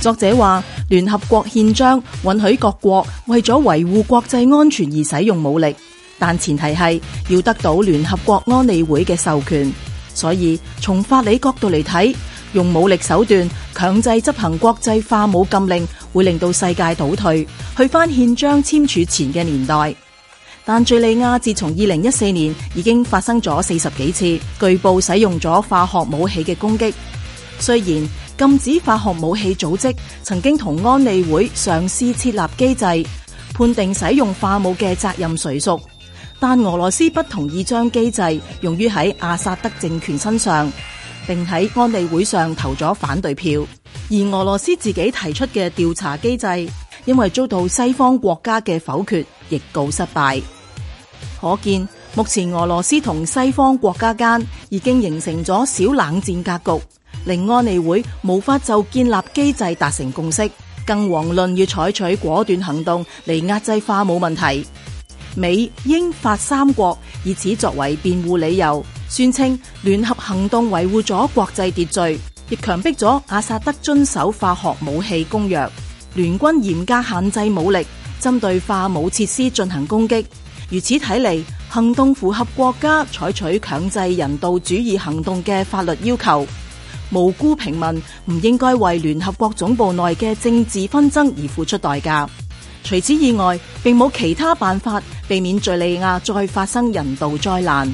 作者話：聯合國憲章允許各國為咗維護國際安全而使用武力，但前提係要得到聯合國安理會嘅授權。所以從法理角度嚟睇，用武力手段強制執行國際化武禁令，會令到世界倒退，去返憲章簽署前嘅年代。但敘利亞自從二零一四年已經發生咗四十幾次，據報使用咗化學武器嘅攻擊，雖然。禁止化學武器組織曾經同安理會嘗試設立機制，判定使用化武嘅責任誰屬，但俄羅斯不同意將機制用於喺阿薩德政權身上，並喺安理會上投咗反對票。而俄羅斯自己提出嘅調查機制，因為遭到西方國家嘅否決，亦告失敗。可見目前俄羅斯同西方國家間已經形成咗小冷戰格局，令安理會無法就建立機制達成共識，更遑論要採取果斷行動嚟壓制化武問題。美、英、法三國以此作為辯護理由，宣稱聯合行動維護咗國際秩序，亦強迫咗阿薩德遵守化學武器公約。聯軍嚴格限制武力，針對化武設施進行攻擊。如此睇嚟，行動符合國家採取強制人道主義行動嘅法律要求。無辜平民唔應該為聯合國總部內嘅政治紛爭而付出代價。除此以外，並冇其他辦法避免敘利亞再發生人道災難。